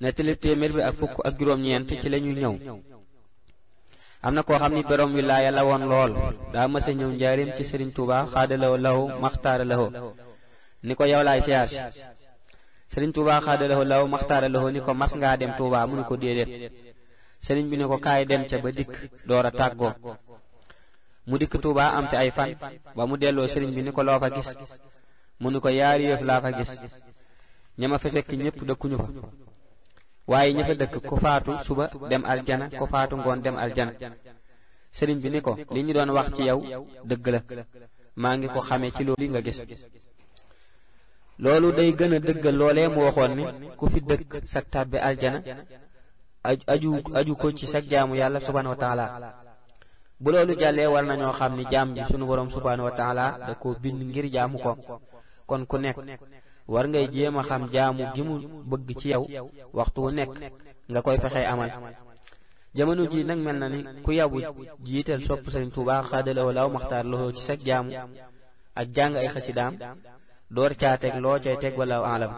nettalib téeméer bi ak fukk ak juróom-ñeent ci la ñuy ñëw am na koo xam ni borom wilaaya la woon lool daa mësa ñëw njaarim ci sëriñ Touba xaadalawo law maxtaara lawo ni ko yow laay siyaar si sëriñ Touba xaadalawo law maxtaara lawo ni ko mas ngaa dem Touba mu ni ko déedéet sëriñ bi ni ko kaay dem ca ba dikk door a tàggoo mu dikk Touba am fi ay fan ba mu delloo sëriñ bi ni ko loo fa gis mu ni ko yaari yëf laa fa gis ñama fa fekk ñépp dëkkuñu fa waaye ña fa dëkk ku faatu suba dem aljana ko faatu ngoon dem aljana sëriñ bi ni ko li ñu doon wax ci yow dëgg la maa ngi ko xamee ci loolu nga gis loolu day gën a dëggal loolee mu waxoon ni ku fi dëkk sag tàbbi aljana aju aju ko ci sag jaamu yàlla subhaanahu wa taala bu loolu jàllee war nañoo xam ni jaam ji sunu boroom subhaanahu wa taala da koo bind ngir jaamu ko kon ku nekk war ngay jéem a xam jaamu gi mu bëgg ci yow waxtu wu nekk nga koy fexee amal jamono ji nag mel na ni ku yabu jiital sopp Sëriñ Tuubaa xaadalawo law maxtaar loxoo ci sag jaamu ak jàng ay daam door caa teg loo cay teg walaaw alam